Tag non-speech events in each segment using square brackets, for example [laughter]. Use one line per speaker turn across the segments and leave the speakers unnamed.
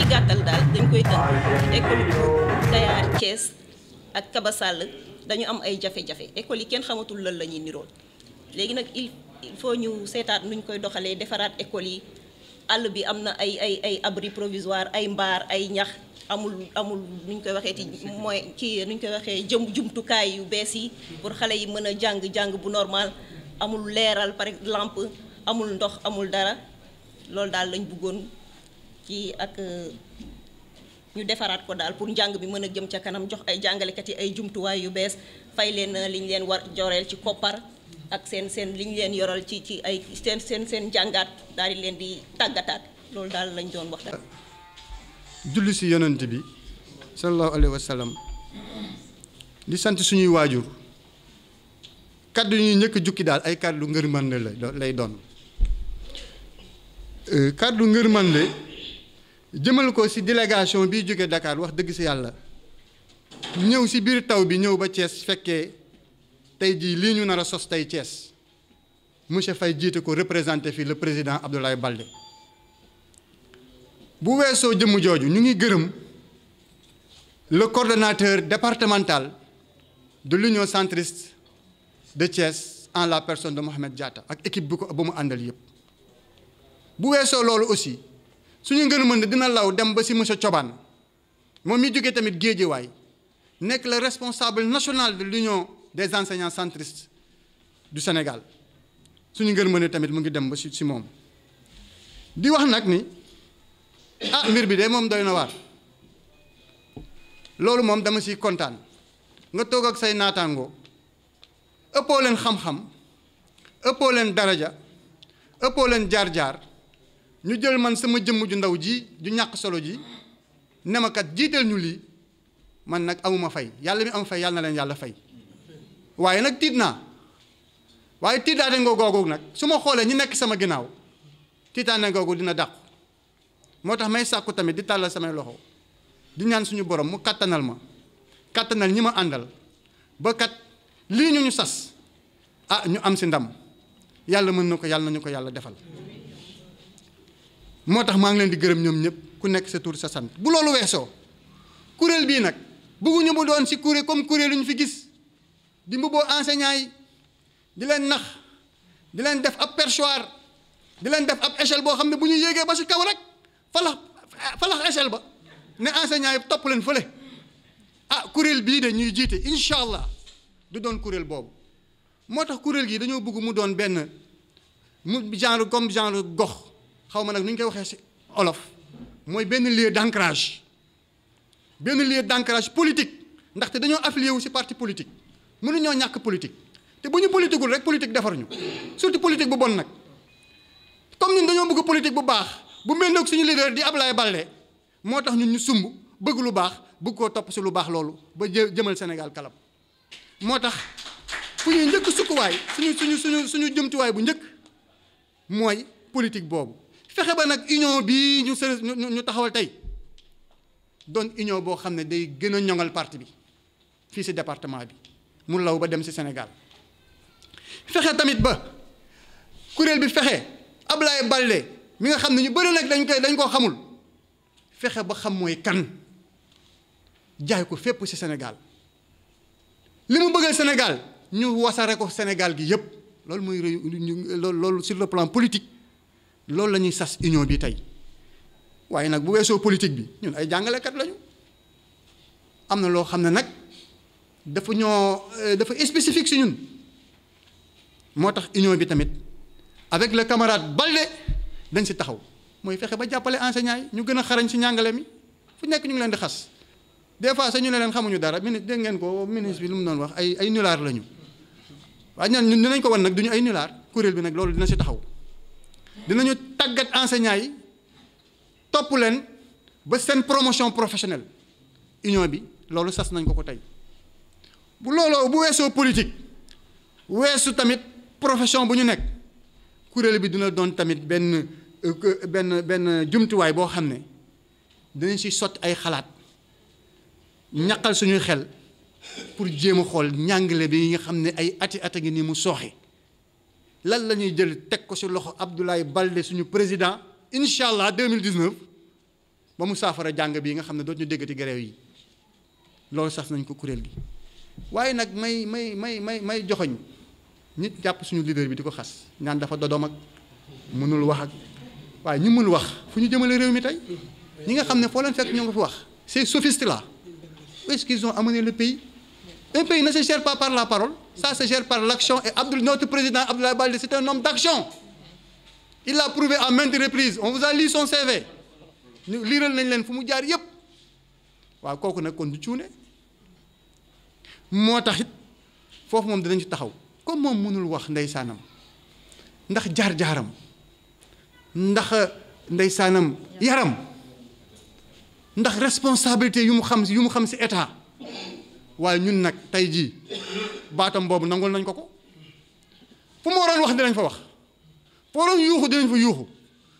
ci gàttal daal dañ koy tënk école bu Kayar Thiès ak Kaba Sall dañu am ay jafe-jafe école yi kenn xamatul lan la ñuy nirool léegi nag il faut ñu seetaat nuñ koy doxalee defaraat école yi àll bi am na ay ay ay abri provisoire ay mbaar ay ñax amul amul nuñ koy waxee ti mooy kii nuñ koy waxee jëm jumtukaay yu bees yi pour xale yi mën a jàng jàng bu normal amul leeral pare làmp amul ndox amul dara loolu daal lañ bëggoon ci ak euh, ñu defaraat ko daal pour njàng bi mën a jëm ca kanam jox ay jàngalekat yi ay jumtuwaay yu bees fay leen euh, liñ leen war joreel ci koppar ak seen seen liñ leen yoral ci ci ay seen seen seen jàngaat daal di leen di tàggataat loolu daal lañ doon wax. julli si yonent bi sallallahu alayhi wa sallam di sant suñuy waajur kàddu ñuy njëkk jukki daal ay kàddu ngërmande la lay doon euh, kàddu ngërmande jëmal ko si délégation bi jóge Dakar wax dëgg si yàlla ñëw si biir taw bi ñëw ba cees fekkee tey jii lii ñu nar a sos tey Thiès monsieur fay jiite ko représenté fii le président Abdoulaye Baldé bu weesoo jëmm jooju ñu ngi gërëm le coordonnateur départemental de l'union centriste de Thiès en la personne de Mohamed Diatta ak équipe bi ko ba mu àndal yëpp bu weesoo loolu aussi suñu ngën mën dina law dem ba si monsieur Thioban moom mi jógee tamit géejewaay nekk le responsable national de l'union des enseignants centristes du Sénégal suñu ngën mën tamit mu ngi dem ba si si moom di wax nag ni ah mbir bi de moom doy na waar loolu moom dama si kontaan nga toog ak say naataango ëppoo leen xam-xam ëppoo leen daraja ëppoo leen jaar-jaar ñu jël man sama jëmm ju ndaw ji ju ñàkk solo ji ne ma jiital ñu lii man nag amuma fay yàlla mi am fay yàlla na leen yàlla fay waaye nag tiit naa waaye tiitaane nga googu nag su ma xoolee ñi nekk sama ginnaaw tiitaane googu dina dàqu moo tax may sàkku tamit di tàllal samay loxo di ñaan suñu borom mu kàttanal ma kàttanal ñi ma àndal ba kat lii ñu ñu sas ah ñu am si ndam yàlla mën na ko yàlla na ñu ko yàlla defal moo tax maa ngi leen di gërëm ñoom ñëpp ku nekk sa tur sa sant bu loolu weesoo kuréel bii nag bëgguñu mu doon si kuréel comme kuréel yu ñu fi gis di mbubboo enseignant yi di leen nax di leen def ab perchoir di leen def ab échelle boo xam ne bu ñu yéegee ba si kaw rek falax falax échelle ba ne enseignant yi topp leen fële ah kuréel bii de ñuy jiite incha allah di doon kuréel boobu moo tax kuréel gii dañoo bëgg mu doon benn mu genre comme genre gox xaw ma nag nu ñu koy waxee ci olof mooy benn lieu d'ancrage benn lieu d'ancrage politique ndaxte dañoo affilié wu ci parti politique mënuñoo ñàkk politique te bu ñu politiqueul rek politique defar ñu surtout politique bu bon nag comme ñun dañoo bëgg politique bu baax bu mel nag suñu leader di Ablaye Baldé moo tax ñun ñu sumb bëgg lu baax bëgg koo topp si lu baax loolu ba jë jëmal Sénégal kalam moo tax fu ñuy njëkk sukkuwaay suñu suñu suñu suñu jëmtuwaay bu njëkk mooy politique boobu fexe ba nag union bii ñu sër ñu taxawal tey doon union boo xam ne day gën a ñoŋal parti bi fii si département bi mu law ba dem si Sénégal fexe tamit ba kuréel bi fexe Ablaye Baldé mi nga xam ne ñu bëri nag dañ koy dañ koo xamul fexe ba xam mooy kan jaay ko fépp si Sénégal li mu bëggal Sénégal ñu wasare ko Sénégal gi yépp loolu mooy loolu sur le plan politique loolu la ñuy sas union bi tey waaye nag bu weesoo politique bi ñun ay jàngalekat lañu am na loo xam ne nag dafa ñoo euh, dafa spécifique si ñun moo tax union bi tamit avec le camarade Balde dañ si taxaw mooy fexe ba jàppale enseignants yi ñu gën a xarañ si njàngale mi fu nekk ñu ngi leen di xas des fois sax ñu ne leen xamuñu dara ministre dégg ngeen ko ministre bi lu mu doon wax ay ay nulaar lañu waaye ñun dinañ ko wan nag duñu ay nulaar kuréel bi nag loolu dina si taxaw. dinañu tàggat enseignants yi topp leen ba seen promotion professionnelle union bi loolu sas nañ ko ko tey bu looloo bu weesoo politique weesu tamit profession bu ñu nekk kuréel bi dina doon tamit benn euh, benn benn jumtuwaay boo xam ne dinañ si sotti ay xalaat ñaqal suñuy xel pour jéem a xool njàngale bi nga xam ne ay ati ata ngi nii mu sooxe lan la ñuy jël teg ko si loxo Abdoulaye Baldé suñu président incha allah 2019 ba mu saafara jàng bii nga xam ne dootuñu déggati grève yi loolu sax nañ ko kuréel gi waaye nag may may may may may joxoñ nit jàpp suñu leader bi di ko xas ñaan dafa dodoom ak mënul wax ak waaye ñu mën wax fu ñu jëmale réew mi tey ñi nga xam ne foo leen fekk ñoo nga fi wax ces sophistes là où est-ce qu'ils ont amené le pays un pays ne se gère pas par la parole sa se par l'action. Et Abdul, notre président Abdoulaye Baldé, c'est un homme d'action. Il l'a prouvé à maintes reprises. On vous a lu son CV. ñu liiral nañ leen fu mu jaar yëpp waaw kooku nag kon du cuune moo tax it foofu moom dinañ ci taxaw comme moom mënul wax ndeysaanam ndax jaar-jaaram ndax uh, ndeysaanam yaram ndax responsabilité yu mu xam yu mu xam si état waaye ñun nag tey jii baatam boobu nangul nañ ko ko fu ma waroon wax dinañ fa wax fu ma waroon yuuxu dinañ fa yuuxu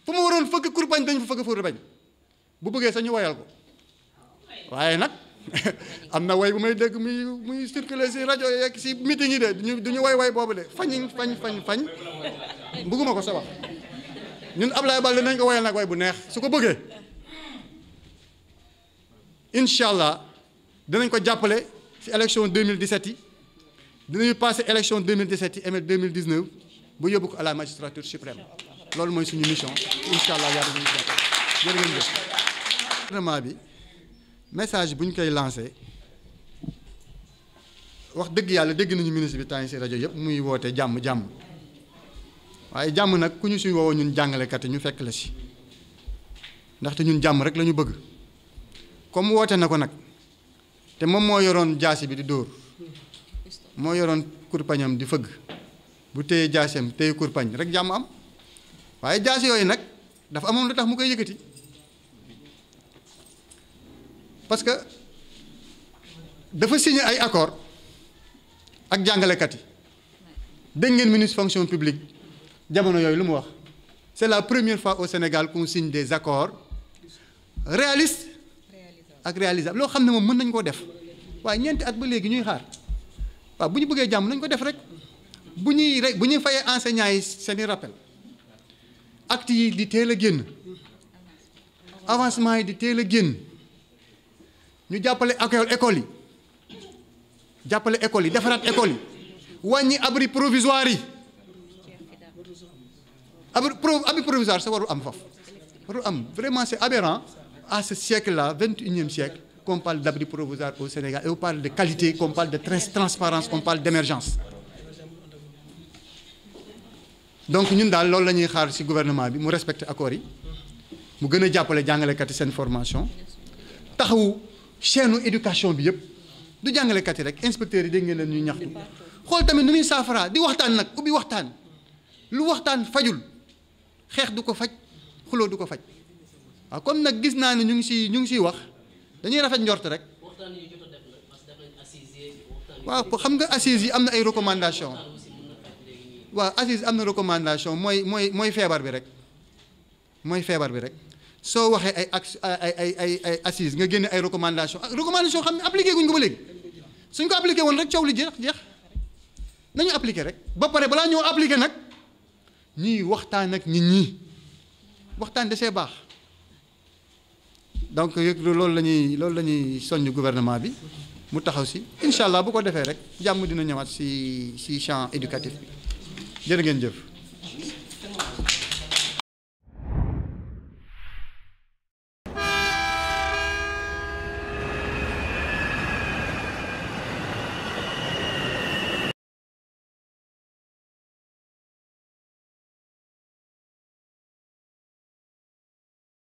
fu ma waroon fëgg kurbañ dinañ fa fëgg kurbañ bu bëggee sax ñu woyal ko waaye nag [laughs] am na way bu may dégg muy muy circuler si rajo yeeg si meeting yi de duñu duñu way way boobu de fañiñ fañ fañ fañ bëgguma ko sa wax ñun Ablaye Baldé nañ ko woyal nag way bu neex su ko bëggee incha allah dinañ ko jàppale si élection 2017 yi dinañu passé élection 2017 yi émet 2019 ba yóbbu ko à la magistrature suprême loolu mooy suñu mission incha allah yàlla nañu ko jërë ngeen jëf gouvernement bi message bu ñu koy lancé wax dëgg yàlla dégg nañu ministre bi temps si rajo yëpp muy woote jàmm jàmm waaye jàmm nag ku ñu si woowoo ñun jàngalekat yi ñu fekk la si ndaxte ñun jàmm rek la ñu bëgg comme woote na ko nag te moom moo yoroon jaasi bi di dóor. moo yoroon kurpañam di fëgg bu téye jaaseem téye kurpañ rek jàmm am waaye jaase yooyu nag dafa amoon lu tax mu koy yëkkati parce que dafa signé ay accord ak jàngalekat yi dégg ngeen ministre fonction publique jamono yooyu lu mu wax c'est la première fois au Sénégal qu'on signe des accords réalistes ak réalisables loo xam ne moom mën nañ koo def waaye ñeenti at ba léegi ñuy xaar waaw bu ñu bëggee jàmm nañ ko def rek bu ñuy rek bu ñuy fayee enseignants yi seeni rappel acte yi di teel a génn avancement yi di teel a génn ñu jàppale ak école yi jàppale école yi defaraat école yi wàññi abri provisoire yi abri pro abri provisoire sa war am faf warul am vraiment c'est aberrant à ce siècle là vingt et unième siècle qu'on parle d'abri provisoire au Sénégal, et on parle de qualité, qu'on parle de transparence, qu'on parle d'émergence. donc ñun daal loolu la ñuy xaar ci gouvernement bi mu respecte accords yi mu gën a jàppale jàngalekat seen formation taxawu chaîne éducation bi yëpp du jàngalekat yi rek inspecteurs yi de ngeen leen ñuy ñaxtu xool tamit nu ñuy saafaraa di waxtaan nag ubbi waxtaan lu waxtaan fajul xeex du ko faj xuloo du ko faj waaw comme nag gis naa ne ñu ngi ci ñu ngi ciy wax. dañuy rafet njort rek waaw xam nga assises yi am na ay recommandation waaw assise am na recommandation mooy mooy mooy feebar bi rek mooy feebar bi rek soo waxee ay ac ay ay ay ay assise nga génne ay recommandation ah, recommandation xam ne appliqué guñ ko ba léegi suñ ko appliqué woon rek coow li jeex jeex nañu appliqué rek ba pare balaa ñëw appliqué nag ñuy waxtaan ak nit ñi waxtaan desee baax donc loolu la ñuy loolu la ñuy soññ gouvernement bi mu taxaw si incha allah bu ko defee rek jàmm dina ñëwaat si si champ éducatif bi jërë ngeen jëf.